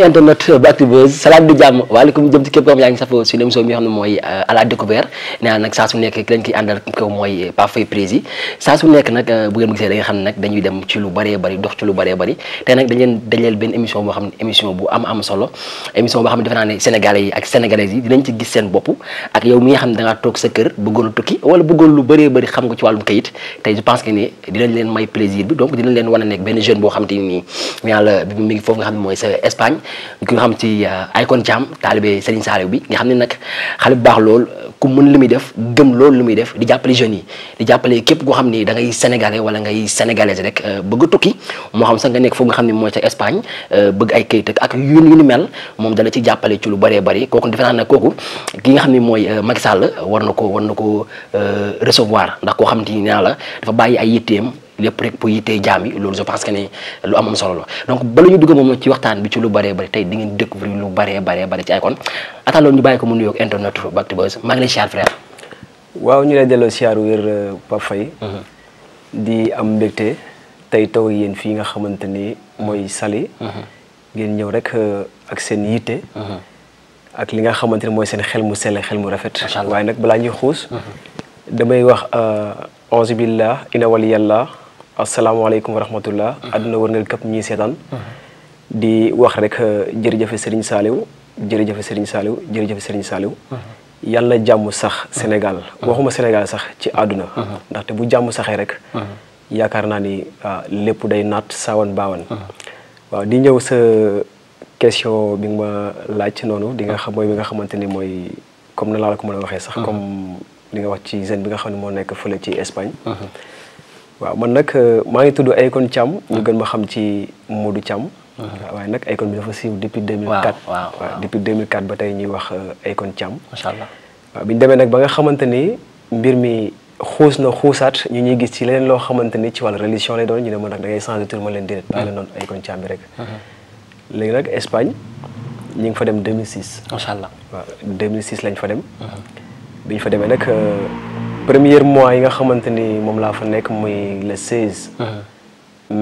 ami internet bu Actubuzz salaam di jàmm waaleykum jëm ci képp koo xam yaa mooy euh, à la découverte nag saa su nekk ki lañ koy àndal ko mooy euh, Pape Faye Prési saa su nekk nag euh, bu ngeen gisee da xam ne nag dañuy dem ci lu bëree bëri dox ci lu bëree bëri te nag dañ leen benn émission boo xam ne émission boo xam ne defe toog sa kër bëggoon a tukki wala bëggoon lu bëree bëri xam nga ci wàllum kayit tey je pense que ne dinañ leen may plaisir bi donc dinañ ñu ko xam ci Akon euh, Thiam taalibe Serigne Saliou bi nga xam ne nag xale bu baax lool ku mën li muy def gëm lool li muy def di jàppale jeunes yi di jàppale képp koo xam ni da ngay sénégalais wala ngay sénégalaise rek euh, bëgg tukki moo xam sax nga nekk foog nga xam ne mooy ca Espagne euh, bëgg ay kayit ak yu ni mel moom dana ci jàppale ci lu bëree bëri kooku defe naa nag kooku ki nga xam ne mooy Macky Sall war na ko war na ko recevoir ndax koo xam ni naa la dafa bàyyi ay yitteem lépp rek pour yittee jaam yi loolu je pense que ni lu am am solo la donc bala ñu dugg moom ci waxtaan bi ci lu bëree bëri tey di ngeen découvrir lu bëree bëree bëri ci Akon ataa loolu ñu bàyyi ko mu nuyoog internet Bakty Buzz siyaar frère. waaw ñu lay delloo siyaaru wér euh, Pape Faye mhm. di am mbégte tey taw yéen fii nga xamante mooy Saly mhm. ngeen ñëw rek euh, ak seen yitte mhm. ak li nga xamante ni mooy seen xel mu sell xel mu rafet waaye nag balaa ñuy xuus damay wax euh, auzu billah ina waliyallah asalaamaaleykum wa rahmatullah mhm. àdduna wër ngeen këpp ñiy seetaan mhm. di wax rek euh, jërëjëfe Serigne Saliou jërëjëfe Serigne Saliou jërëjëfe saaliw mhm. yàlla jàmm sax Sénégal waxuma Sénégal sax ci àdduna ndaxte bu jàmm saxee rek yaakaar naa ni ah, lépp day naat saawan baawan waaw di ñëw sa question bi nga ma laaj noonu di nga xam mooy bi nga xamante ni mooy comme na laa la ko mën a waxee sax comme li nga wax ci jeune bi nga xam ne moo nekk fële ci Espagne waaw man nag euh, maa ngi tudd ay Thiam ñu gën ma xam ci Modou Thiam. Uh-huh. waaye nag Akon bi dafa siiw depuis 2004. waaw waaw depuis 2004 ba tey ñuy wax euh, Akon Thiam. macha allah waaw bi ñu demee nag ba nga xamante ni mbir mi xuus na xuusaat ñu ñuy gis ci leneen loo xamante ni ci wàllu religion lay doon ñu ne ma nag da changer tur leen déedéet. bàyyi la noonu Akon Thiam bi rek. Uh-huh. léegi nag Espagne ñu ngi fa dem 2006. macha allah waaw 2006 lañ fa dem. Uh-huh. bi ñu fa demee nag. Euh, premier mois yi nga xamante ni moom laa fa nekk muy le 16. Uh-huh.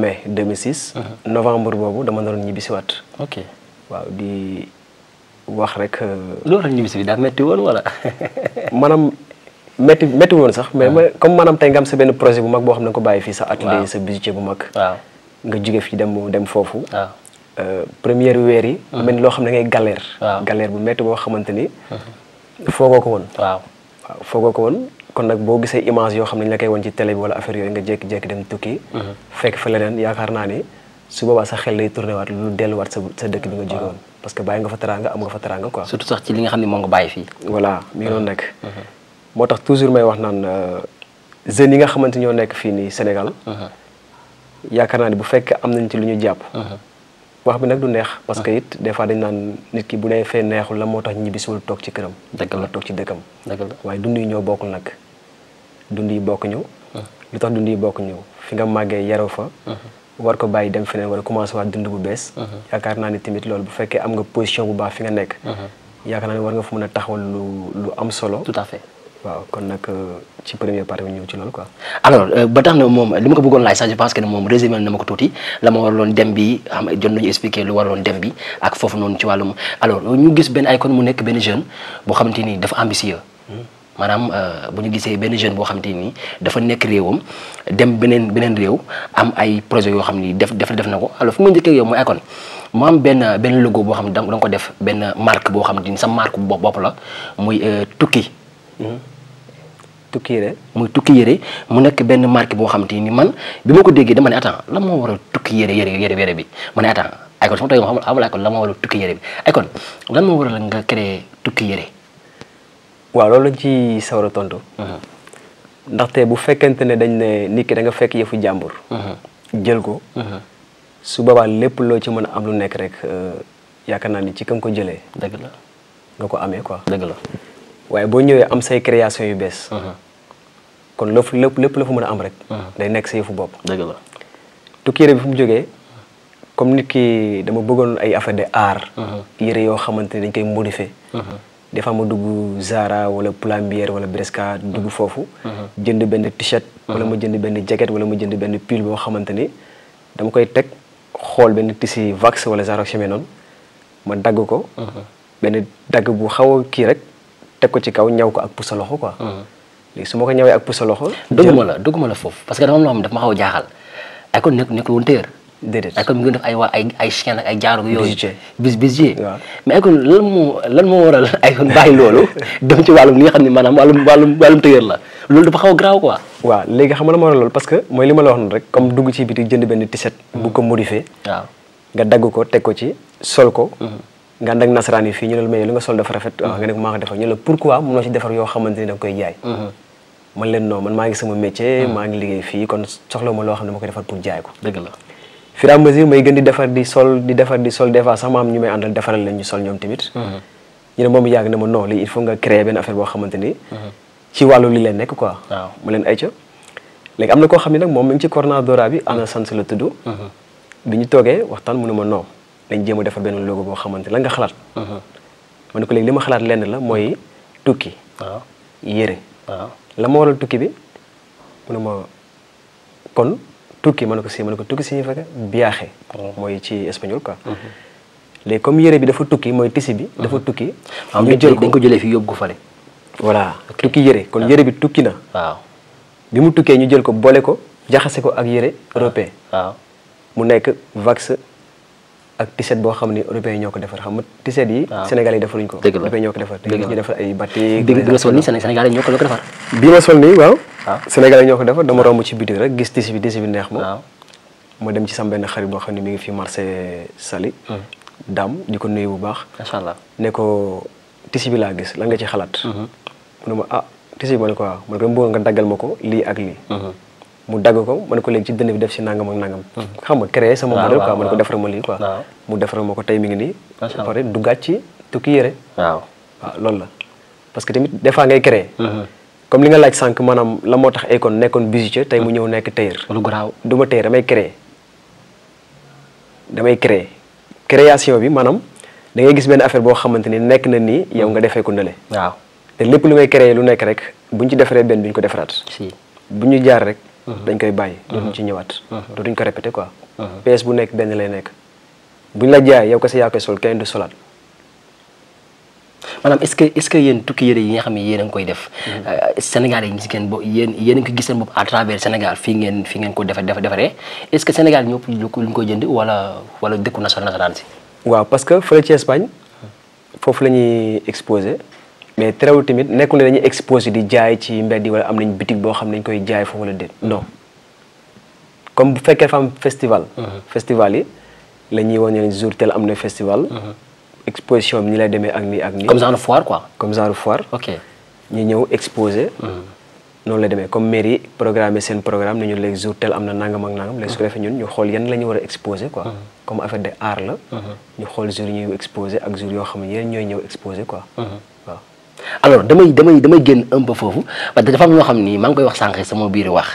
mai 2006. Uh-huh. novembre boobu dama doon ñibbisiwaat. ok waaw di wax rek. Euh, loolu rek ñibbisi bi daa metti woon wala. maanaam metti metti woon sax mais uh-huh. comme maanaam tey nga am sa benn projet bu mag boo xam ne nga ko bàyyi fii sa at atelier sa budget bu mag. waaw nga jóge fii dem dem foofu. waaw euh, première weer yi. mel ni loo xam ne ngay galère. galère bu metti boo xamante ni. foogoo ko woon. foogoo ko woon. kon nag boo gisee image yoo xam ne ñu la koy won ci télé bi wala affaire yooyu mhm. fa leneen yaakaar naa ni su boobaa sa xel lay tourné waat lu delluwaat sa sa dëkk bi nga jógoon parce que bàyyi nga fa teraanga am nga fa teraanga quoi. surtout sax ci li nekk. Mhm. moo tax toujours may wax naan euh, jeunes yi nga xamante ñoo nekk fii nii Sénégal. Mhm. yaakaar naa ni bu fekkee am nañ ci lu ñu jàpp. wax bi nag du neex. parce que it des fois dañ naan nit ki bu nee fee neexul la moo tax ñibbisiwul toog ci këram. dëgg la toog ci dëkkam. dëgg la waaye dund yi ñoo bokkul nag. dund yi bokk ñëw ah. lu tax dund yi bokk ñëw fi nga màggee yaroo fa ah. war ko bàyyi dem feneen wala commencé waat dund bu bees ah. yaakaar naa ni tamit loolu bu fekkee am nga position bu baax fi nga nekk yaakaar naa ne war nga fa mën a taxawal lu lu am solo tout à fait waaw kon nag euh, ci première partie bi ñëw ci loolu quoi. alors euh, ba tax na moom li ma ko bëggoon laaj sax je pense que moom résumé na ma ko tuuti la ma waraloon dem bi xam jot nañu expliqué lu waraloon dem bi ak foofu noonu ci wàllum alors ñu gis benn kon mu nekk benn jeune boo xamante ni dafa ambitieux. maanaam euh, bu ñu gisee benn jeune boo xam te ni dafa nekk réewam dem beneen beneen réew am ay projet yoo xam nii def def def na ko alors fu ma njëkkee yow mooy Akon mu benn benn logo boo xam ne da nga ko def benn marque boo xam te ni sa marque bopp la muy euh, tukki. Hmm? tukki yére muy tukki yére mu nekk benn marque boo xam te ni man bi ma ko déggee dama ne attends lan moo war a tukki yére yére yére bi ma ne attends Akon sama tool yi ma xamul xamul Akon lan moo war a tukki yére bi lan moo waral nga créé tukki yére. waaw loolu lañ ci sawar a tontu. Uh-huh. ndaxte bu fekkente ne dañ ne nit ki da fekk yëfu jàmbur. Uh-huh. jël ko. Uh-huh. su boobaa lépp loo ci mën a am lu nekk rek euh, yaakaar naa ni ci kam ko jëlee. dëgg la nga ko amee ko dëgg la waaye boo ñëwee am say création yu bees. kon loofu lépp lépp la fu mën a am rek. day nekk sa yëfu bopp. dëgg la tukki yére bi fu mu jógee comme nit ki dama bëggoon ay affaire de art. yére yoo xamante ne dañ koy modifier. des ma dugg Zara wala Pull&Bear wala Bershka dugg mm-hmm. foofu. Mm-hmm. jënd benn t-shirt. Mm-hmm. wala ma jënd benn jacket wala ma jënd benn pull boo xamante ni dama koy teg xool benn tissu vax wala Zara chemise noonu ma dagg ko. benn dagg bu xaw a kii rek teg ko ci kaw ñaw ko ak pousse loxo quoi. léegi su ma ko ñawee ak pousse loxo. dugguma la dugguma la foofu parce que dama am loo xam ma xaw a jaaxal ay kon nekk nekkul woon déedéet ay comme ñu ngi def ay waa ay ay chaîne ak ay jaaroo yooyu. bis bis yi mais kon lan moo lan moo waral ay kon bàyyi loolu dem ci wàllum li nga xam ne maanaam wàllum wàllum wàllum tëyër la loolu dafa xaw a garaaw quoi. waaw léegi xam nga la moo waral loolu parce que mooy li ma la wax noonu rek comme dugg ci biti jënd benn tiset. Mm. bu ko modifié. waaw nga dagg ko teg ko ci sol ko. Mm-hmm. nga ànd ak nasaraan yi fii ñu ne la mais li nga sol dafa rafet. Mm-hmm. Ah, nga ne ko maa ko defar ñu ne la pourquoi mënoo ci defar yoo xamante ni da nga koy jaay. Mm-hmm. man leen non man maa ngi sama métier. maa ngi liggéey fii kon soxla ma loo xam ne ma koy defar pour jaay ko dëgg la fur et à mesure may gën di defar di sol di defar di sol des fois sax ma am ñu may àndal defaral leen ñu sol ñoom tamit. Mhm. ñu ne moom yàgg na ma non lii il faut nga créer benn affaire boo xamante ni. Mhm. ci wàllu li leen nekk quoi. mu leen ay ca léegi am na koo xam ne nag moom mi ngi ci coordonnateur bi ana mhm. sans la tudd. bi ñu toogee waxtaan mu ne ma noo lañ jéem a defar benn logo boo xamante la nga xalaat. ma ne ko léegi li ma xalaat lenn la mooy tukki. yére. la ma waral tukki bi mu ne ma kon. tukki ma ne ko si ma ne ko tukki signifie que viaje mooy ci espagnol quoi léegi comme yére bi dafa tukki mooy tisi bi dafa ah. tukki ah, ñu jël ko dañ ko jëlee fii yóbbu ko fale voilà tukki yére kon ah. yére bi tukki na waaw bi mu tukkee ñu jël ko boole ko jaxase ko ak yére européen mu nekk vax ak t-shirt boo xam ni européens yi ñoo ko defar xam nga t-shirt yi sénégal yi defaruñ ko européens ñoo ko defar ñu defar ay batik bi nga sol nii sénégal ko defar bii ma sol nii waaw sénégal yi ñoo ko defar dama romb ci biti rek gis tisi bi neex ma ma dem ci sama benn xarit boo xam ne mi ngi fi marché sali hmm. daam di ko nuyu bu baax macha allah ne ko tisi laa gis lan nga ci xalaat hmm. mu ne ma ah tisi bi ma ne ko waaw ma ne ko bëgg nga daggal ma ko lii ak lii hmm. mu dagg ko mën ko léegi ci dënn bi def si nangam ak nangam. Hmm. xam nga créé sama modèle quoi mën ko defaral ma mu defaral ma ko tey mi ngi nii. macha pare duggaat ci tukki yére. loolu la parce que tamit des fois ngay hmm. comme li nga laaj sànq maanaam la moo tax Akon nekkoon bijoutier tey mu hmm. ñëw nekk tailleur. lu garaaw du ma tailleur damay créé damay créé création bi maanaam da ngay gis benn affaire boo xamante ni nekk na nii yow nga defee ko waaw te lépp lu may créé lu nekk rek bu ñu ci defaree benn bi ñu ko defaraat. si bu ñu jaar rek. Uh-huh. dañ koy bàyyi. Uh-huh. dootuñ ci ñëwaat. Uh-huh. dootuñ ko répété quoi. pièce bu nekk benn lay nekk buñ la jaay yow kese yaa koy sol kenn du solaat. maanaam est-ce que est-ce que yéen tukki yére yi nga xam ne yéen a ngi koy def. Euh, Sénégal yi gis ngeen bo yéen yéen a ngi ko gis seen bopp à travers Sénégal fii ngeen fii ngeen ko defa defaree est-ce que Sénégal ñëpp luñ koy jënd wala wala dëkku national national si. waaw parce que fële ci Espagne foofu la ñuy exposé. mais terewul tamit nekkul ne dañuy exposé di jaay ci mbedd yi wala am nañ boutique boo xam ne dañ koy jaay foofu wala déet non comme bu fekkee fa am festival. Mhm. festival yi la ñuy wane ne jour tel am na festival. Mhm. exposition bi ni lay demee ak nii ak nii. comme genre foire quoi. comme genre foire. ok ñu ñëw exposé. Mhm. noonu la demee comme mairie programme seen programme ne ñu léegi jour am na nangam ak nangam. léegi su ko defee ñu xool yan la ñu war a exposé quoi. comme affaire de art la. ñu xool jour yi ñuy exposé ak jour yoo xam ne yéen ñooy ñëw exposé quoi. alors damay damay damay génn un peu foofu parce que dafa am loo xam ni maa ngi koy wax sànq sama biir wax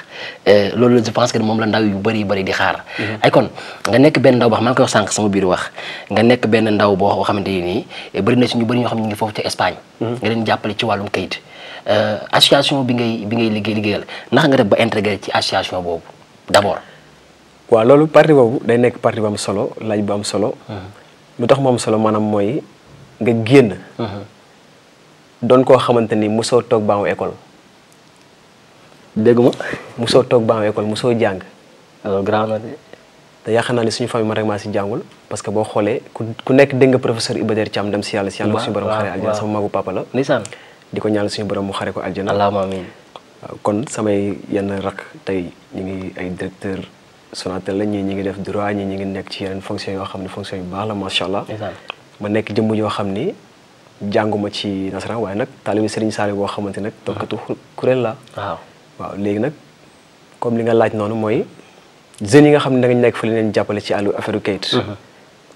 euh, loolu je pense que moom la ndaw yu bëri bëri di xaar. Mhm. ay kon nga nekk benn ndaw boo xam maa ngi koy wax biir wax nga nekk benn ndaw boo xamante ni eh, bëri na si ñu bëri ñoo xam ne ñu ngi foofu ca Espagne. Mhm. nga leen jàppale ci wàllum kayit. Euh, association bi ngay bi ngay liggéey liggéeyal naka nga def ba intégré ci association boobu d' abord. waaw loolu parti boobu day nekk parti bu am solo laaj bu am solo. Mhm. lu tax mu am solo maanaam mooy nga génn. doon koo xamante ni mosoo toog baamu école. dégg ma soo toog baamu école mosoo jàng. alors grand na de. te yaakaar naa ne suñu famille man rek maa si jàngul parce que boo xoolee ku ku nekk dégg nga professeur Iba ca Thiam dem si yàlla si yàlla suñu borom xare aljana ko ñaanal suñu borom mu xare ko aljana. allahumma amiin. kon samay yenn rak tey ñu ngi ay directeur Sonatel la ñii ñi ngi def droit ñii ñi ngi nekk ci yenn fonction yoo xam ne fonction yu baax la macha allah. ma nekk jëmm yoo xam ni. jànguma ci nasaraan waaye nag taalibi Serigne Saliou boo xamante nag tokkatu kuréel la waaw waaw léegi nag comme li nga laaj noonu mooy jeunes yi nga xam ne da nekk fa li leen jàppale ci àllu affaire kayit mhm.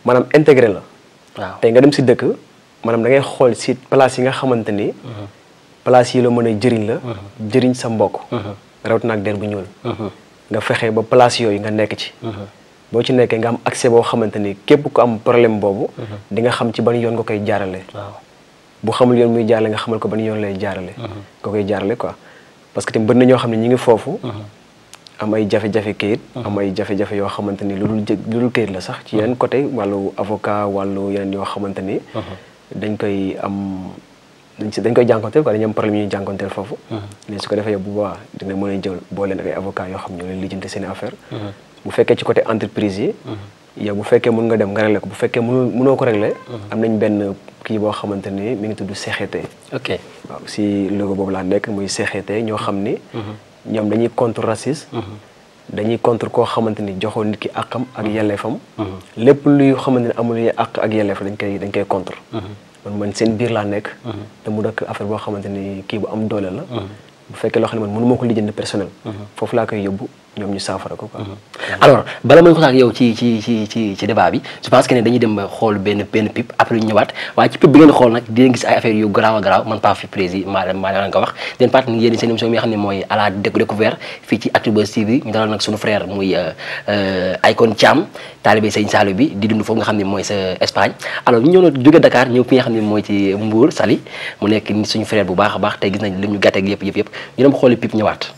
maanaam intégré la waaw tey nga dem si dëkk maanaam da ngay xool si place yi nga xamante ni mhm. place yi la mën a jëriñ la mhm. jëriñ sa mbokk rawatina ak der bu ñuul nga fexe ba place yooyu nga nekk ci boo ci nekkee nga am accès boo xamante ni képp ku am problème boobu di bu xamul yoon muy jaarale nga xamal ko ban yoon lay jaarale uh-huh. nga koy jaarale quoi parce que tamit bëri na ñoo xam ne ñi ngi foofu uh-huh. am ay jafe-jafe kayit uh-huh. am ay jafe-jafe yoo xamante ni lu dul lu dul la sax ci yeneen côté wàllu avocat wàllu yeneen yoo xamante ni dañ koy am dañ si dañ koy jànkonteel quoi dañu am problème yu ñuy jànkonteel foofu mais su ko defee yow bu boobaa dana mën a jël boo leen ak ay avocat yoo xam ñoo leen lijjanti seen affaire bu fekkee ci côté entreprise yi yow bu fekkee mën nga dem nga réglé ko bu fekkee mënul mënoo ko réglé. Mhm. am nañ benn kii boo xamante ni mi ngi tudd CGT. ok waaw si logo boobu laa nekk muy CGT ñoo xam ni. Mhm. ñoom dañuy contre mhm. dañuy contre koo xamante ni joxoo nit ki àqam ak yelleefam. lépp luy xamante ni amul àq ak yelleef dañ koy dañ koy contre. man man seen biir laa nekk. te mu dëkk affaire boo xamante ni kii bu am doole la. bu fekkee loo xam ne man mënu ma ko lijjanti personnel. foofu laa koy yóbbu. ñoom ñu saafara ko quoi. Mhm. alors bala may ko sax yow ci ci ci ci ci débat bi je pense que ne dañuy dem ba xool benn benn pip après ñu ñëwaat waaye ci pipe bi ngeen xool nag di gis ay affaire a garaaw man pas fi prési maa maa leen ko wax den part ni yéen seen émission bi nga xam ne mooy à la découverte fii ci Actubuzz TV ñu dalal nag suñu frère muy Akon euh, euh, Thiam taalibe Sëñ Saalu bi di dundu foofu nga xam ne mooy sa Espagne alors ñu ñëw na jóge Dakar ñëw fi nga xam ne mooy ci Mbour Saly mu nekk suñu frère bu baax a baax te gis nañ li ñu gàtteeg yëpp yëpp yëpp ñu dem xooli pipe ñëwaat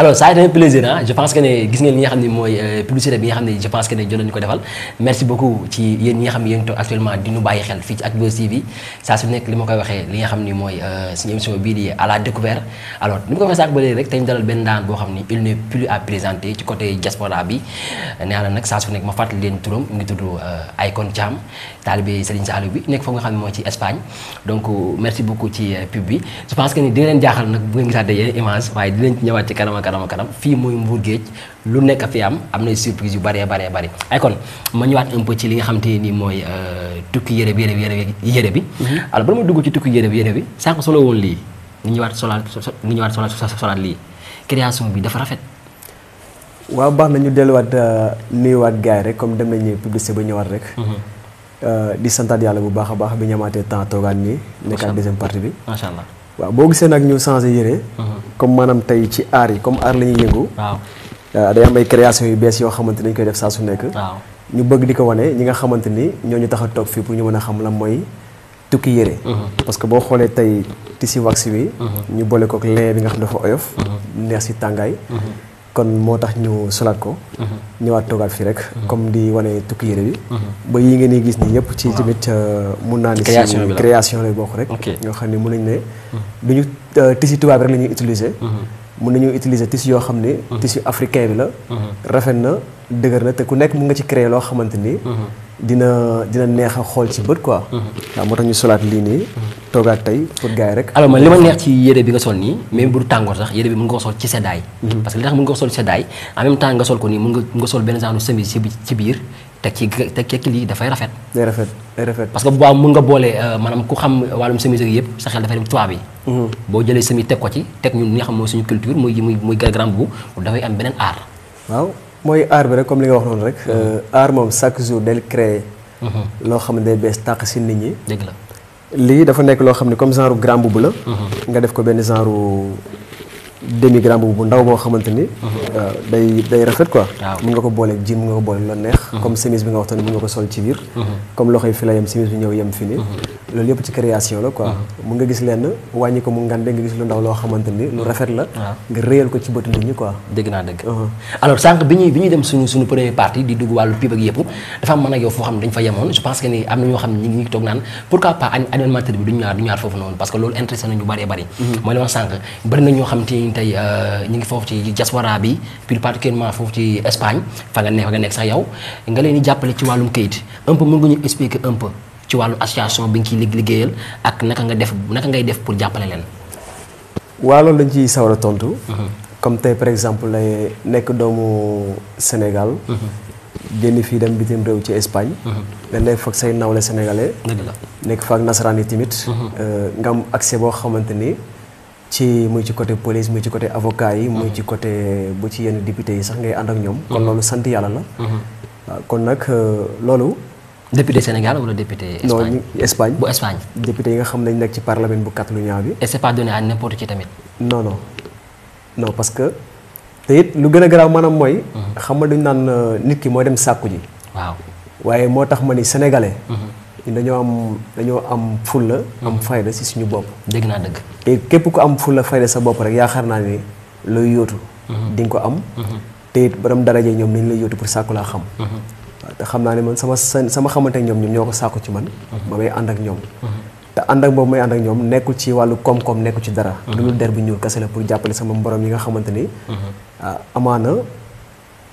alors ça a été un ne gis nga xam mooy euh, publicité bi nga xam ne je pense ko defal merci beaucoup ci yéen ñi nga xam ne yéen actuellement di ñu bàyyi xel fii ci Actubuzz euh, bi nee na nag saa su nekk ma fàttali leen turam ngi tudd Akon euh, Thiam taalibe Serigne Saliou bi nekk foofu nga xam ne mooy ci Espagne donc merci beaucoup ci pub bi je pense que dina leen jaaxal nag bu ngeen gisaatee yeneen image waaye dinañ ci ci kanam kanam kanam fii muy Mbour Géej lu nekk fi am am na surprise yu bëree baree bëri ay kon ma ñëwaat un peu ci li nga xam te ni mooy euh, tukki yére bi yére bi yére bi yére bi mhm. alors bala ma dugg ci tukki yére bi yére bi sànq solo woon lii ni ñëwaat solaat ni solaat lii création bi dafa rafet waaw baax na ñu delluwaat euh, nuyuwaat gars rek comme dem nañu publicité ba ñëwaat rek mhm. euh, di santaat yàlla bu baax a baax bi ñamaatee temps toogaan nii nekkaat deuxième partie bi macha allah waaw boo gisee nag ñu changé yére. Uh-huh. comme maanaam tey ci aar yi comme aar la ñuy yëngu. waaw ah, day création yu bees yoo xamante ni dañ koy def saa su nekk. ñu bëgg di ko wane ñi nga xamante ni ñoo ñu tax a fii pour ñu mën a xam la mooy tukki yére. Uh-huh. parce que boo xoolee tey tissu wax wi uh-huh. ñu boole kook lee bi nga xam dafa oyof. neex si tàngaay. kon moo tax ñu solaat ko. Mhm. ñëwaat toogaat fii rek. Mhm. comme di wane tukki yére bi. Mhm. ba yi ngeen di gis nii yëpp ci tamit euh, mun naa ni si création lay bokk rek. ñoo xam ne mun nañu ne. du ñu euh, tissu tubaab rek la ñuy utiliser. mun nañu utiliser tissu yoo xam ne. tissu africain bi la. rafet na dëgër na te ku nekk mun nga ci créer loo xamante ni. dina dina neex a xool ci bët quoi. waaw moo tax ñu solaat lii nii. toogaat tey pour gars yi rek. alors man li ma neex ci yére bi nga sol nii même bu du tàngoor sax yére bi mën nga ko sol ci seddaay. Mhm. parce que li tax mën nga ko sol seddaay en même temps nga sol ko nii nga sol benn genre semis ci biir teg ci teg ci lii dafay rafet. day rafet day rafet. parce nga boole euh, maanaam ku xam xel dafay dem tubaab yi. Mhm. boo jëlee semis teg ko ci teg ñun li mooy suñu culture muy muy bu dafay am beneen aar. waaw mooy aar bi rek comme li nga wax noonu rek. Mhm. Euh, aar moom chaque jour del créer. loo xam ne day bees tàq si nit lii dafa nekk loo xam ne comme genre gramme bu la. Mhm. nga def ko benn genre demi grand boobu bu ndaw boo xamante mhm. euh, day day rafet quoi. mun nga ko booleeg jean mun nga ko booleeg la neex. Mhm. comme chemise bi nga waxtaan mun nga ko sol ci biir. Mhm. comme loxo yi loolu yëpp ci yëpp dafa man ak yow foo xam ne dañ fa yemoon je pense que ni am na ñoo xam ne ñu ngi naan pourquoi pas animateur bi duñ ñaar duñ ñaar foofu noonu parce que loolu intéressé nañu bari bari mooy la ma bari na xam te ni tey euh, ñu ngi foofu ci diaspora bi plus particulièrement foofu ci Espagne fa nga ne fa nga nekk sax yow nga leen di jàppale ci wàllum kayit un peu mën nga ñu expliquer un peu ci wàllum association bi nga ciy liggéeyal ak naka nga def naka ngay def pour jàppale leen. waaw loolu dañ ciy sawar a tontu. Mm-hmm. comme tey par exemple lay nekk doomu Sénégal. Mm-hmm. génn fii dem bitim réew ci Espagne. Mm-hmm. nga nekk fa ak nasaraan yi tamit. Euh, nga am boo xamante ni. ci muy ci côté police muy ci côté avocat yi. muy ci côté bu ci yenn député yi sax ngay ànd ak ñoom. kon loolu sant yàlla la. Mm-hmm. kon nag euh, loolu. député Sénégal wala député. Espagne non Espagne. bu Espagne. député yi nga xam nañ nekk ci parlement bu Catalunya bi. et c'est pas donné à n'importe tamit. non non non parce que te it lu gën a garaaw maanaam mooy. Mm-hmm. xam nga duñ naan euh, nit ki mooy dem sàkku ji. waaw waaye moo tax ma ni sénégalais. Mm-hmm. dañoo am dañoo am fulla am hmm. fayda si suñu bopp. dégg naa dëgg. te képp ku am fulla fayda sa bopp rek yaakaar naa ni looy yootu hmm. di nga ko am. Hmm. te it borom daraje ñoom nañ lay yóotu pour sàkku laa xam. te xam naa ne man sama sama xamante ñoom ñoom ñoo ko ci man. ba may ànd ak ñoom. te ànd ak boobu may nekkul ci wàllu koom-koom nekkul ci dara. lu dul der bu ñuul kese la pour jàppale sama mborom yi nga xamante ni. Ah, amaana.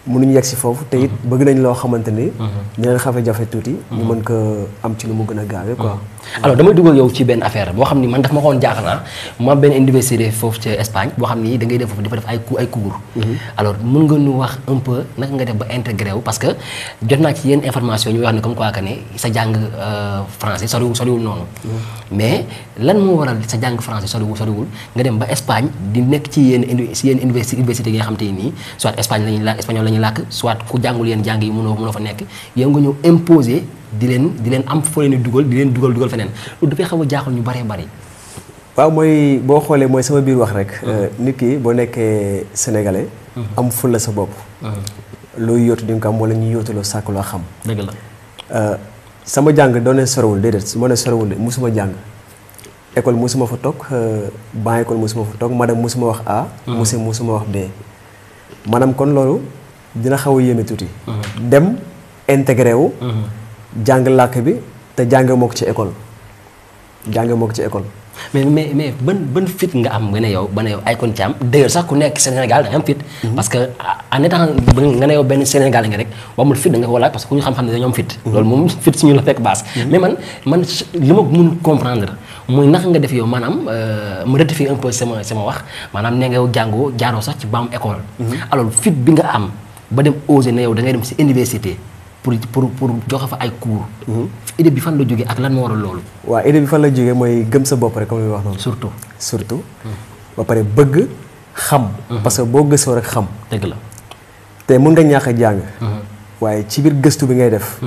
mënuñu yegg si foofu te it mhm. bëgg nañ loo xamante ni. ñeneen mhm. jafe-jafe tuuti. Mhm. ñu mën ko ci lu mu a gaawee boo xam ni man daf ma xoon jaaxal naa ma benn université foofu ca Espagne boo xam ni da ngay def foofu dafa def ay cours ay cours. alors mën nga ñu wax un peu naka nga def ba intégré parce que jot naa ci yenn information ñu wax ne comme quoi ne sa jàng euh, français soriwul soriwul noonu. mais lan moo waral sa jàng français soriwul nga dem ba Espagne di nekk ci yenn indi yenn université yi xam te nii soit Espagne lañu espagnol lañu ñuy làkk soit ku jàngul yenn jàng yi mënoo mënoo fa nekk yow nga ñëw imposer di leen di leen am foo leen dugal di leen dugal dugal feneen loolu dafay xaw a jaaxal ñu baree bari. waaw mooy boo xoolee mooy sama biir wax rek. Ah. Euh, nit ki boo nekkee sénégalais. Ah. am fulla sa bopp. Ah. looy yóotu di ko am wala ñuy yóotuloo sàkk loo xam. dëgg la. Euh, sama jàng doon na sorowul déedéet moo ne sorowul musuma jàng. école musuma fa toog euh, ban école musuma fa toog madame musuma wax A. monsieur musuma wax B. maanaam kon loolu dina xaw a yéeme tuuti. Mm-hmm. dem intégré wu. Mm-hmm. jàng làkk bi te jàng mook ci ecole jàng moo ci école. mais mais mais ban ban fit nga am nga ne yow ba ne yow Akon Thiam d'ailleurs sax ku nekk Sénégal da mm-hmm. parce que en étant nga ne yow benn Sénégal nga rek wamul fit da nga ko parce que ku ñu xam-xam ne dañoo am fit. loolu moom fit suñu la fekk base. mais man man li ma mun comprendre muy naka nga def yow maanaam euh, mu rectifier un peu sama sama wax maanaam ne nga jàngoo jaaroo sax ci baam école. alors fit bi nga am. ba dem osé na yow da ngay dem si université pour pour pour joxe fa ay cours. Mhm. idée bi fan la jógee ak lan moo waral loolu. waa idée bi fan la jógee mooy gëm sa bopp rek comme li wax noonu. surtout surtout. Mhm. ba pare bëgg xam. Mhm. parce que boo gësoo rek xam. dëgg la te mën nga ñàkk jàng. waaye ci biir gëstu bi ngay def.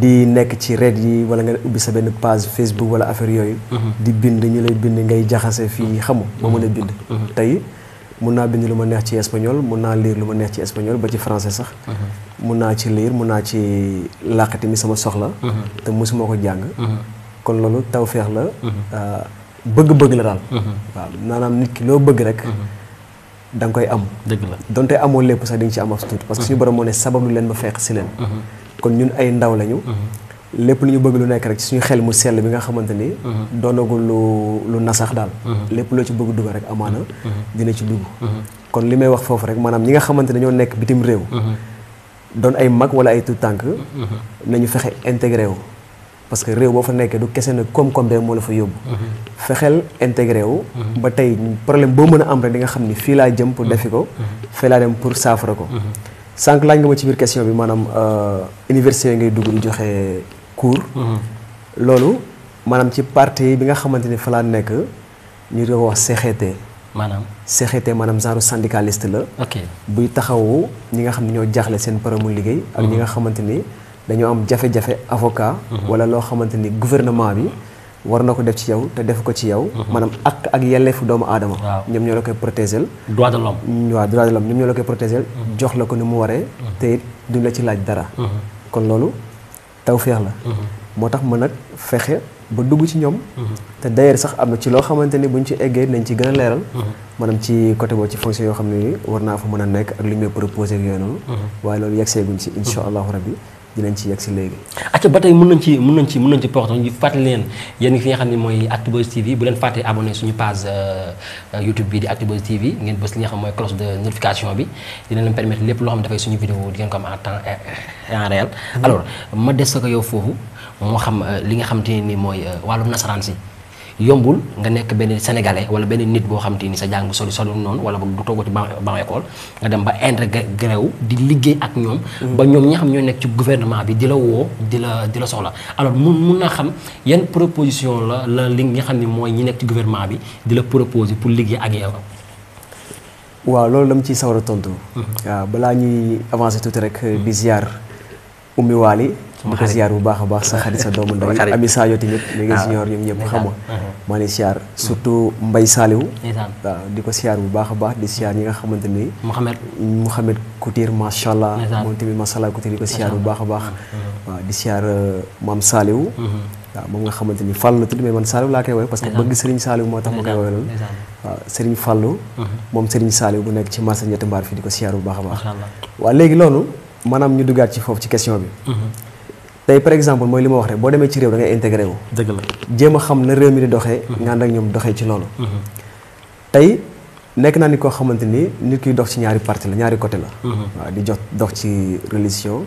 di nekk ci red yi wala nga ubbi sa benn page Facebook wala affaire yooyu. di bind ñu lay bind ngay jaxase fii xamu. ba mën a bind tey. mun naa bind lu ma neex ci espagnol mun naa liir lu ma neex ci espagnol ba ci français sax. Uh-huh. mun naa ci liir mun naa ci làqati mi sama soxla. Uh-huh. te mosuma ko jàng. Uh-huh. kon loolu tawféex la. Uh, bëgg-bëgg la daal. waaw maanaam nit ki loo bëgg rek. da nga koy am. dëgg la donte amoo lépp sax di ñu ci am as tuut. parce que suñu borom moo ne sabab lu leen ba fekk si leen. kon ñun ay ndaw lañu. lépp lu ñu bëgg lu nekk rek ci suñu xel mu sell bi nga xamante ni. Mhm. doonagul lu lu nasax daal. Mhm. lépp loo ci bëgg dugg rek amaana. Mhm. dina ci dugg. kon li may wax foofu rek maanaam ñi nga xamante ne ñoo nekk bitim réew. doon ay mag wala ay tuut tànk. nañu fexe intégré wu. parce que réew boo fa nekkee du kese na koom-koom bee moo la fa yóbbu. fexeel intégré wu. ba tey problème boo mën a am rek di nga xam ni fii laa jëm pour defi ko. fii laa dem pour saafara ko. sànq laaj nga ma ci biir question euh, cour mm-hmm. loolu maanaam ci parti bi nga xamante ni fa laa nekk ñu di wax CGT maanaam CGT maanaam genre syndicaliste la buy taxawu ñi nga xam ne ñoo jaaxle seen paramu liggéey ak ñi nga mm-hmm. xamante ni dañoo am jafe-jafe avocat mm-hmm. wala loo xamante ni gouvernement bi war na ko def ci yow te def ko ci yow maanaam ak ak yelleefu doomu aadama ñoom ñoo la koy protéger droit de l'homme mm, waaw droit de l'homme ñoom ñoo la koy protéger jox la ko ni mu waree te duñ ci laaj dara kon loolu tawféex la. Mhm. moo tax ma nag fexe ba dugg ci ñoom. Mhm. te d'ailleurs sax am na ci loo xamante ni buñ ci eggee nañ ci gën a leeral. Mhm. maanaam ci côté boobu ci fonction yoo xam ne war naa fa mën a nekk ak li muy proposé ak yooyu noonu. waaye loolu yegg seeguñ ci incha allahu rabbi dinañ ci yegg si léegi. acca ba tey mën nañ ci mën nañ ci mën nañ ci porte ñu fàttali leen yéen fi nga xam ne mooy Actubuzz TV bu leen fàtte abonné suñu page euh, YouTube bi di Actubuzz TV ngeen bës li nga xam mooy cloche de notification bi dina leen permettre lépp loo xam ne dafay suñu vidéo di ngeen ko am en temps en réel. Mm-hmm. ma des ko yow foofu moo xam euh, li nga xam te ni mooy euh, wàllu nasaraan si. yombul nga nekk benn sénégalais wala benn nit boo xam te ni sa jàng soli soli noonu wala boog du toggoo ci ban école nga dem ba intégré wu di liggéey ak ñoom mm. ba ñoom ñi ñoo nekk ci gouvernement bi di la di la di la soxla alors mun mun naa xam yan proposition la la li nga xam ne mooy ñi nekk ci gouvernement bi di la proposer pour liggéey ak yow waaw loolu dam ciy sawar a tontu. Mm-hmm. waaw balaa ñuy avancer tuuti rek mm-hmm. di ziar di ko ziar bu baax a baax sa xarit sa doomu ndey ami Sadio tamit mi ngi junior ah. ñoom ñëpp xam nga ah. Ah. maa surtout Mbaye Saliou waaw di ko ziar bu baax a baax di ziar nga xamante ni Mouhamed Mouhamed Coutir macha allah moom tamit macha allah Coutir di ko ziar bu baax a baax mm-hmm. waaw di ziar euh, Mame Saliou mm-hmm. waaw moom nga xamante ni Fall la tudd mais man Saliou laa koy woowee parce que bëgg Serigne Saliou moo tax ma koy woowee loolu waaw Serigne Fallou mm-hmm. moom Serigne Saliou bu nekk ci marché ñetti mbaar fii di ko ziar bu baax a baax waaw léegi loolu maanaam ñu duggaat ci foofu ci question bi tey par exemple mooy li ma wax rek boo demee ci réew da ngay intégré wu. dëgg la a xam na réew mi di doxee. Mhm. nga ànd ñoom doxee ci loolu. Mhm. tey nekk naa ni koo xamante ni nit kiy dox ci ñaari parti la ñaari côté la. Mhm. waaw di jox dox ci religion.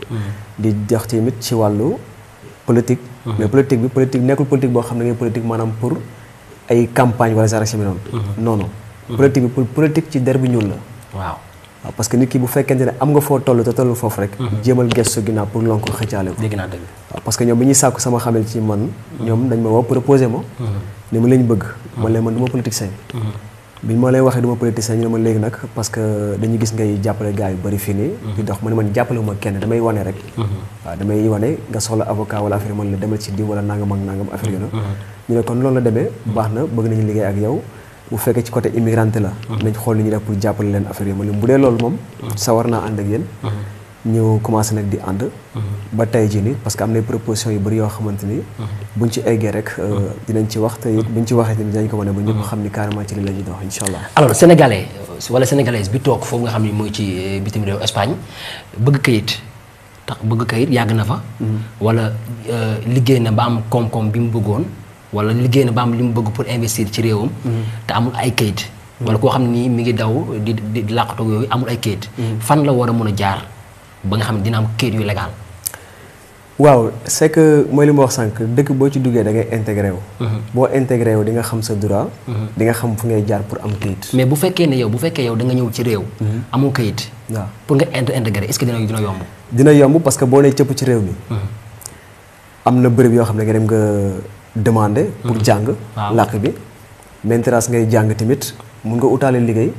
di jox ci tamit ci wàllu politique. mais politique bi politique nekkul politique boo xam ne ngay politique maanaam pour ay campagne wala genre ak noonu. non non bi pour ci der bi ñuul la. parce que nit kii bu fekkente ne am nga foo toll te toll foofu rek. Mhm. jéemal gestu ginnaaw pour lonku xëccaale ko. dégg parce que ñoom bi ñuy sàkku sama xamel ci man. Mhm. ñoom dañ ma woo proposé ma. Mhm. ni ma lañ bëgg. ma politicien. ma waxee du ma politicien ma léegi nag parce que dañu gis ngay jàppale gars yu bari fii nii. di dox ma ne man jàppale ma kenn damay wane rek. waaw damay wane nga soxla avocat wala affaire man la demal ci diw wala nangam ak nangam affaire yooyu. ñu ne kon loolu la demee. baax na bëgg nañu liggéey ak yow. bu fekkee ci côté immigrante la. nañ xool ni ñu def pour jàppale leen affaire yi ma lim bu dee loolu moom. sawar naa ànd ak yéen. ñu commencé nag di ànd. ba tey jii nii parce que am na proposition yu bëri yoo xamante ni. buñ ci eggee rek euh, dinañ ci wax te buñ ci waxee dinañ ko wane ba ñëpp xam ni carrément ci li la ñuy dox incha allah. alors sénégalais wala sénégalaise bi toog foofu nga xam ni mooy ci euh, bitim réew Espagne bëgg kayit tax bëgg kayit yàgg na fa. Mm-hmm. wala euh, liggéey na ba am koom bi mu bëggoon. wala liggéey na ba am li mu bëgg pour investir ci réewam. te amul ay kayit. wala koo xam ni mi ngi daw di di di làqatoog yooyu amul ay kayit. fan la war a mën a jaar ba nga xam ne dina am kayit yu légal. waaw c'est que mooy li ma wax sànq dëkk boo ci duggee da ngay intégré mhm. boo intégré wu di nga xam sa droit. Mhm. di nga xam fu ngay jaar pour am kayit. mais bu fekkee ne yow bu fekkee yow da nga ñëw ci réew. Mhm. amoo kayit. waaw pour nga intégré est-ce que dina dina yomb. dina yomb parce que boo nee ci réew mi. na bërëb yoo xam ne nga dem nga. demande pour mhm. jàng. làkk bi maintenance ngay jàng tamit mun nga utaale liggéey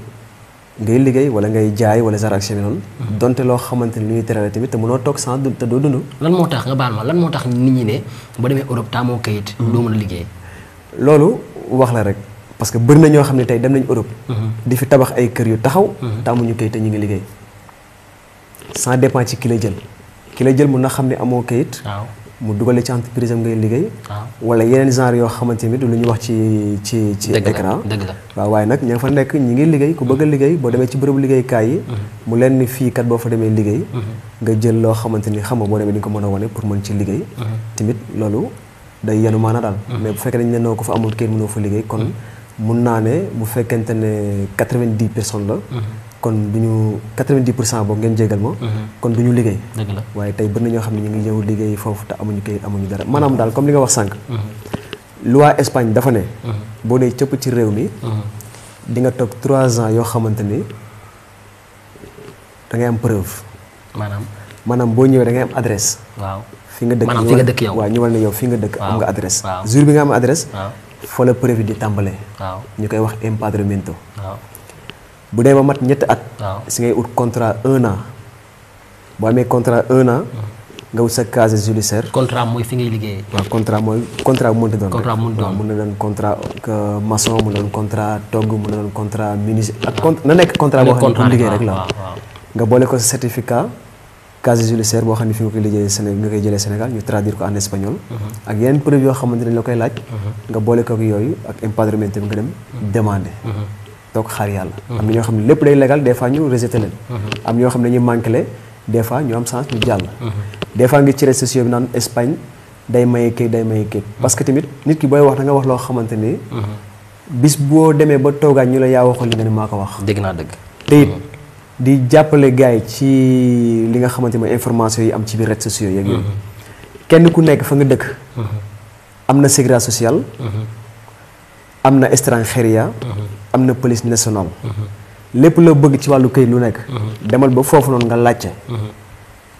ngay liggéey wala ngay jaay wala genre action bi noonu. Mhm. donte loo xamante ni lu ñuy terale tamit te mënoo toog sans te doo dund. lan moo tax nga baal ma lan moo tax nit ñi ne ba demee Europe taamoo kayit. Mhm. doo mën a loolu wax la rek parce que bëri na ñoo xam ne tey dem nañ Europe. di fi tabax ay kër yu taxaw. te amuñu kayit te ñu ngi liggéey. sans dépend ci ki la jël ki la jël mun na xam ne amoo kayit. mu dugale ci entreprise am ngay liggéey. Ah. wala yeneen genre yoo xamante ni lu ñuy wax ci ci ci. écran waaw waaye nag ña nga fa nekk ñi ngi liggéey ku bëgg a mm-hmm. liggéey boo demee ci bërëbu liggéeykaay yi. Mm-hmm. mu leen ni fii kat boo fa demee liggéey. Mm-hmm. nga jël loo xamante ni xam boo demee di ko mën a wane pour mën ci liggéey. tamit loolu day yenu maana daal. mais bu fekkee dañ ne noo ko fa amul kenn mënoo fa liggéey kon. mun naa ne bu fekkente ne quatre-vingt-dix la. kon du ñu 90 pour cent boobu ngeen jégal ma. Mhm. kon du ñu liggéey. dëgg waaye tey bari na ñoo xam ne ñu ngi ñëw liggéey foofu te amuñu kayit amuñu dara maanaam daal comme li nga wax sànq. Mhm. loi Espagne dafa ne. Mhm. boo nee cëpp ci réew mi. di nga toog 3 ans yoo xamante ni da am preuve. maanaam maanaam boo ñëwee da am adresse. waaw fi nga dëkk maanaam fi nga dëkk yow waaw ñu ne yow fi nga dëkk. am nga adresse. jour bi nga am adresse. waaw fa la preuve di tàmbalee. waaw ñu koy wax empadronamiento. waaw bu dee ba mat ñett at. si ngay ut contrat un an boo amee contrat un an. nga wut sa casier judiciaire. contrat mooy fi ngay liggéeyee. waaw contra mooy contrat bu mënta doon. contrat na doon contrat maçon mën na doon contrat togg mën na doon contrat menuisier ak con na nekk contrat boo xam ne rek la nga boole ko sa certificat. casier boo xam ne fi nga koy liggéeyee Sénégal jëlee Sénégal ñu traduire ko en espagnol. Mhm. ak yeneen preuve yoo xamante ne la koy laaj. Mhm. nga boole ko ak yooyu ak empadronnement bi nga dem. Mhm. demander. donc xaar yàlla. am na ñoo xam ne lépp day légal des fois ñu rejeté leen. Mhm. am ñoo xam ne dañuy manqué des fois ñu am chance ñu jàll. Mhm. des fois nga ci réseaux sociaux bi naan Espagne day may kayit day maye kayit. Mhm. parce que tamit nit ki booy wax da nga wax loo xamante ni. bis boo demee ba toogaan ñu la yaa waxoon li nga ne maa ko wax. dégg naa dëgg. te it di jàppale gars yi ci li nga xamante mooy information yi am ci biir réseaux sociaux yeeg yooyu. kenn ku nekk fa nga dëkk. am na sécurité sociale. am am na police nationale. lépp loo bëgg ci wàllu këyit lu nekk. demal ba foofu noonu nga laajte.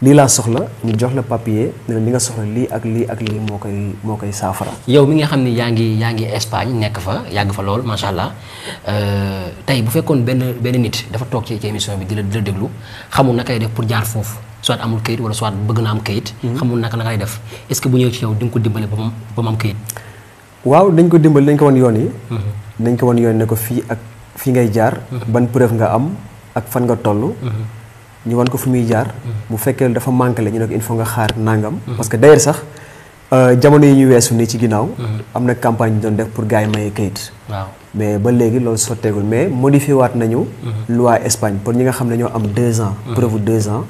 lii laa soxla ñu jox la papier ne li nga soxla lii ak lii ak lii moo koy moo koy saafara. yow mi nga xam ni yaa ngi yaa ngi Espagne nekk fa yàgg fa lool macha allah euh, tey bu fekkoon benn benn nit dafa toog ci ci bi di la di la déglu xamul na kay def pour jaar foofu soit amul këyit wala soit bëgg na am këyit. Hmm. xamul naka la kay def est ce que bu ñëw ci yow di ko dimbale ba mu am këyit. waaw dañ ko dimbali dañ yoon yi. Hmm. nañ ko wan yoon ne ko fii ak fii ngay jaar. Mhm. ban preuve nga am ak fan nga toll. Mhm. ñu wan ko fu muy jaar. Mhm. bu fekkee dafa manqué la ñu ne ko il faut nga xaar nangam. parce que d'ailleurs sax euh, jamono yi ñu weesu nii ci ginnaaw. am na campagne doon def pour gars yi maye kayit. waaw mais ba léegi loolu sotteegul mais modifié waat nañu. loi Espagne pour ñi nga xam ne ñoo am deux ans. preuve deux ans.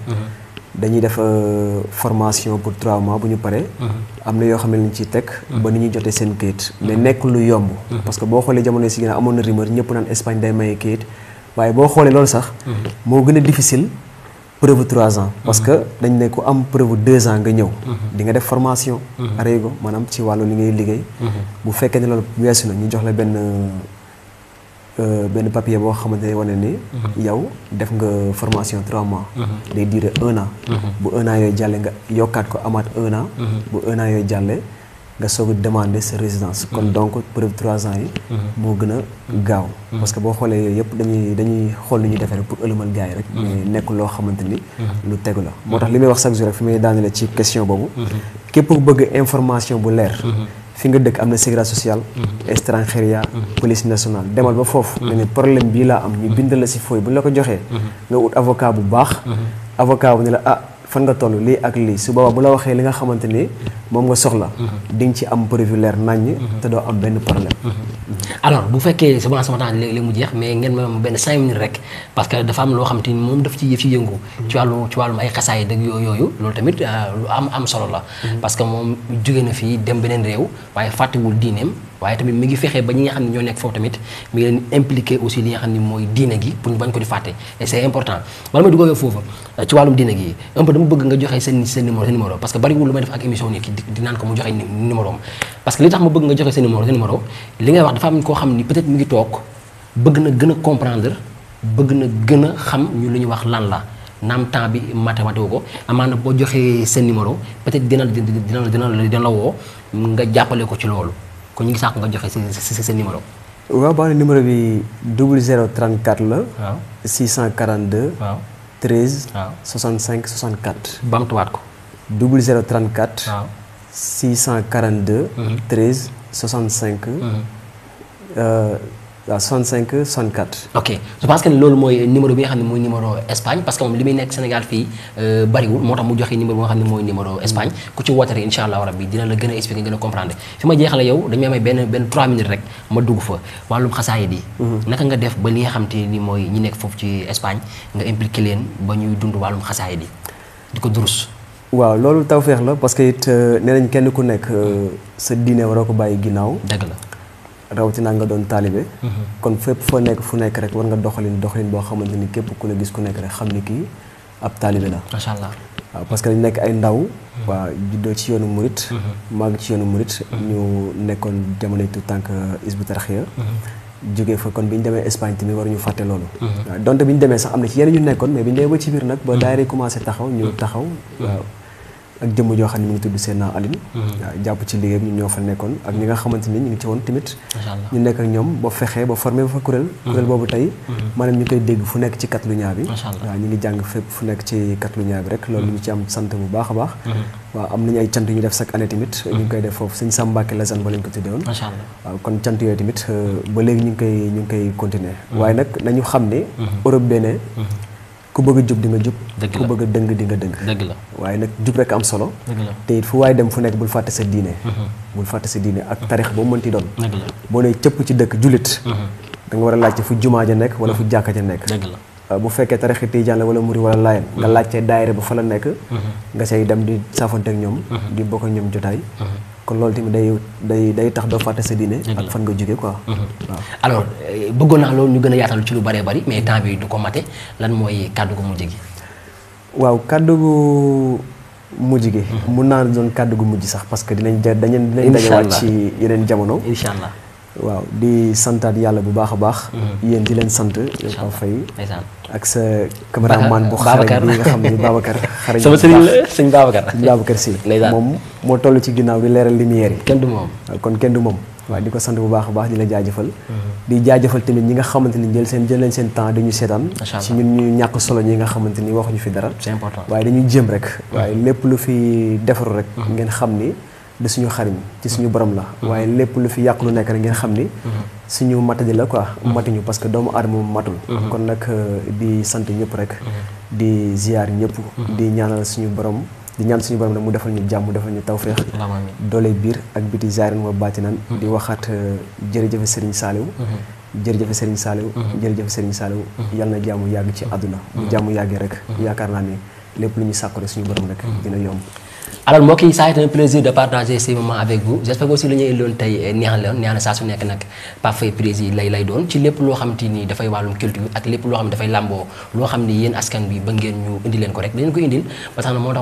dañuy def euh, formation pour trois mois bu ñu paree. Uh-huh. am na yoo xam ne lañ ci teg. Uh-huh. ba ni ñuy jotee seen kayit. Uh-huh. mais nekk lu yomb. parce que boo xoolee jamono si ginnaaw amoon na rumeur ñëpp naan Espagne day maye kayit waaye boo xoolee loolu sax. moo gën a difficile preuve trois ans. parce que dañ nekk ku am preuve deux ans nga ñëw. di nga def formation. arégo maanaam ci wàllu li ngay liggéey. bu fekkee ne loolu weesu na ñu jox la benn. Euh, benn papier boo xamante ne wane ni. Mhm. yow def nga formation trois mois. Mhm. day durer un an. Mhm. bu un an yooyu jàlle nga yokkaat ko amaat un an. bu un an yooyu jàlle nga soog a demander sa résidence. kon donc preuve trois ans yi. moo gën a gaaw. parce que boo xoolee yooyu yëpp dañuy dañuy xool ni ñu defee pour ëlëmal gars yi rek. nekk loo xamante ni. lu tegu la moo tax li may wax chaque jour rek fi may daanale ci question boobu. képp ku bëgg information bu leer. fi nga dëkk am na sécurité sociale. Mm-hmm. estrangeria mm-hmm. police nationale demal ba foofu. nga mm-hmm. ne problème bii laa am ñu bind la si fooy bu ñu la ko joxee. nga ut avocat bu baax. avocat bu ne la ah fan nga toll lii ak lii su boobaa bu la waxee li nga xamante ni. moom nga soxla. Mhm. di nga ci am prévu leer naññ. Mhm. te doo am benn problème. Mhm. alors bu fekkee sama sama temps léegi mu jeex mais ngeen ma benn cinq minutes loo xam te ni moom daf ci yëf ci yëngu. ci yooyu loolu tamit euh, lu am solo la. parce que moom jóge na fii dem beneen réew waaye fàttewul diineem waaye tamit mi ngi fexe ba ñi nga xam ne ñoo nekk foofu tamit mi ngi leen impliqué aussi li nga xam ne mooy diine gi pour ñu bañ ko di fàtte et c' est important wala ma duggoo foofu ci wàllum diine gi un peu dama bëgg nga joxe seen di naan ko mu joxe numéro parce que li tax ma bëgg nga joxe sa numéro sa numéro li ngay wax dafa am koo xam ni peut-être mu ngi toog bëgg na gën a comprendre bëgg na gën a xam ñu lu ñuy wax lan la naam temps bi mathématique wu ko na boo joxee sa numéro peut-être dina dina dina dina la woo nga jàppale ko ci loolu kon ñu ngi sàkk nga joxe sa sa numéro. waaw ba na numéro bi 0034 la. waaw 642. waaw 13. waaw 65 64. bamtuwaat ko. 0034. waaw. 642. 13 65. Euh, waaw 65 64. ok je pense que loolu mooy numéro bi nga xam ne mooy numéro Espagne parce que moom li muy nekk Sénégal fii euh, bariwul moo tax mu joxe numéro bi nga xam ne mooy numéro Espagne mhm. ku ci woote rek incha rab rabbi dina la gën a expliquer gën a comprendre fi ma jeexale yow dañu amee benn benn minutes rek ma dugg fa wàllum xasaayid yi. Mhm. naka nga def ba li nga xam te nii mooy ñi nekk foofu ci Espagne nga impliqué leen ba ñuy dund wàllum xasaayid yi di ko durus. waaw loolu tawféex la parce que it euh, nee nañ kenn ku nekk euh, sa diine waroo ko bàyyi ginnaaw. dëgg la rawatina nga doon taalibe. Mhm. kon fépp foo nekk fu nekk rek war nga doxalin doxalin boo xamante ni képp ku la gis ku nekk rek xam ni kii ab taalibe la. allah parce que dañ nekk ay ndaw. Mhm. waaw juddoo ci yoonu murit. Mhm. màgg ci yoonu murit. ñu nekkoon jamono tout tànk euh, Hizbut Tarqiyyah jóge fa kon bi ñu demee Espagne war ñu fàtte loolu. waaw donte bi ñu demee sax am na ci yenn ñu nekkoon mais bi ci biir nag. ba daayira commencé taxaw ñu taxaw. ak jëmm joo xam ne mi ngi tudd Seydina Alioune mm-hmm. jàpp ci liggéey bi ñun ñoo fa nekkoon ak ñi nga xamante ni ñu ngi ci woon tamit ñu nekk ak ñoom ba fexee ba formé ba fa kuréel mm-hmm. kuréel boobu tey mm-hmm. maanaam ñu koy dégg fu nekk ci Catalunya bi waaw ñu ngi jàng fépp fu nekk bi rek loolu ñu a ngi koy def yooyu tamit euh, ba léegi ñu ngi koy ñu waaye nag nañu xam ne Europe dene ku bëgg a jub di nga jub ku bëgg a dëng di nga dëng dëgg la waaye nag jub rek am solo te it fu waaye dem fu nekk bul fàtte sa diine mm-hmm. bul fàtte sa diine ak tarix boo mënti doon boo ne cëpp ci dëkk julit mm-hmm. da war a laajte fu jumaa ja nekk wala fu mm-hmm. jàkka ja nekk euh, bu fekkee tarixi tijaan la wala muri wala laayeen nga laajte daayira ba fa la nekk nga say dem di saafonte ak ñoom di bokk ak ñoom jotaay kon loolu tamit day day day tax doo fàtte sa diine ak fan nga jóge quoi mhm. waaw alors euh, bëggoon naa loolu ñu gën a yaatalu ci lu bëree bari mais temps bi du ko mate lan mooy kàddu gu mujj gi waaw kàddu gu mujj gi mhm. mun naa doon kàddu gu mujj sax parce que dinañ dañeen dinañ dajewaat ci yeneen jamono incha allah waaw di santaat yàlla bu baax a baax. Mm-hmm. yéen di leen sant. yow fay ak sa caméraman bu xaar bi nga xam ne Babacar. xarañ sama sëriñ la sëñ Babacar. sëñ Babacar si moom moo toll ci ginnaaw di leeral lumière yi. kon kenn du moom. waaw di ko sant bu baax a baax di la jaajëfal. Mm-hmm. di jaajëfal tamit ñi nga xamante ni jël seen jël leen seen temps dañu seetaan. ci ñun ñu ñàkk solo ñi nga xamante ni waxuñu fi dara. c'est important waaye dañuy jéem rek. Mm-hmm. waaye lépp lu fi defaru rek. ngeen xam ni. di suñu xarim ci suñu borom la. waaye lépp lu fi yàq lu nekk rek ngeen xam ni. suñu matadi la quoi. Mmh. matuñu parce que doomu aadama matul. Mmh. kon nag bi euh, sant ñëpp rek. Mmh. di ziar ñëpp. di ñaanal suñu borom. di ñaan suñu borom nag mu defal ñu jàmm defal ñu tawféex. doole biir ak biti zaarin wa baatinan. di waxaat euh, jërëjëf Serigne Saliou. jërëjëf Serigne Saliou. jërëjëf Serigne Saliou. yàlla na jàmm yàgg ci àdduna. bu jàmm yàggee rek. yaakaar naa ni lépp lu ñu sàkk rek suñu borom rek dina yomb. alors mbokk yi ça a été un plaisir de partager ces moments avec vous j'espère aussi lu ñuy loon tey neex la neex na saa su nekk nag Pape Faye Prési lay doon ci lépp loo xam te ni dafay wàllum culture ak lépp loo xam ne dafay làmboo loo xam ni yéen askan bi ba ngeen ñu indi leen ko rek dañu ko indil ba tax na moo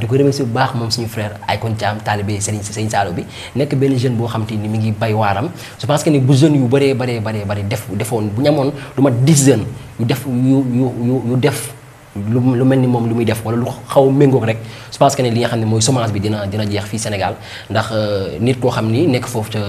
taxoon ah, moom suñu frère Aykon Thiam taalibe Serigne Serigne Salo bi nekk benn jeune boo xam te ni mu ngi bay waaram je pense que ni bu jeunes yu bëree bëree bëree bëri def defoon bu ñamoon lu lu mel ni moom lu muy def wala lu xaw méngoog rek je pense que li nga xam ne mooy semence bi dina dina jeex fii Sénégal ndax euh, nit koo xam ni nekk foofu ca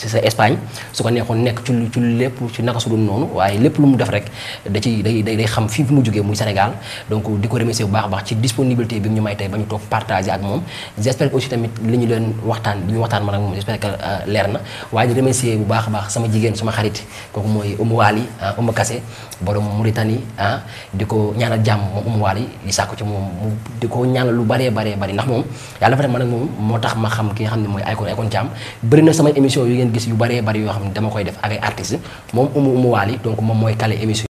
ci sa Espagne su ko neexoon nekk ci ci lépp ci naka su dul noonu waaye lépp lu mu def rek da ci day day xam fii fi mu jógee muy Sénégal donc di ko remercier bu baax a baax ci disponibilité bi ñu may tey ba ñu toog partager ak moom j'espère que aussi tamit li ñu leen waxtaan li ñu waxtaan ma ak moom j'espère que euh, leer na waaye di remercier bu baax a baax sama jigéen sama xarit kooku mooy Oumou Waly ah Oumou Kassé borom Mauritanie ah di ko ñaanal jàmm moom Oumou Waly di sàkku ci moom mu di ko ñaanal lu baree baree bari ndax moom yàlla vraiment nag moom moo tax ma xam ki nga xam ne mooy Akon Akon Thiam bëri na gis yu bëree bëri yoo xam ne dama koy def ak ay artistes moom Oumou Oumou Waly donc moom mooy kale émission